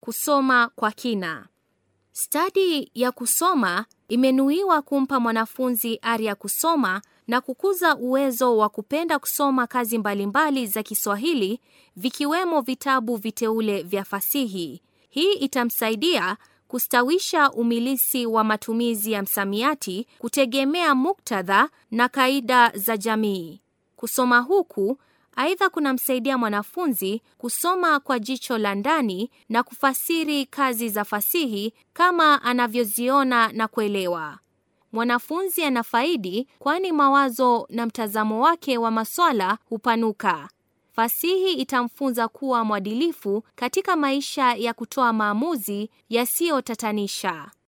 Kusoma kwa kina. Stadi ya kusoma imenuiwa kumpa mwanafunzi ari ya kusoma na kukuza uwezo wa kupenda kusoma kazi mbalimbali za Kiswahili vikiwemo vitabu viteule vya fasihi. Hii itamsaidia kustawisha umilisi wa matumizi ya msamiati kutegemea muktadha na kaida za jamii. Kusoma huku Aidha, kunamsaidia mwanafunzi kusoma kwa jicho la ndani na kufasiri kazi za fasihi kama anavyoziona na kuelewa. Mwanafunzi anafaidi kwani mawazo na mtazamo wake wa maswala hupanuka. Fasihi itamfunza kuwa mwadilifu katika maisha ya kutoa maamuzi yasiyotatanisha.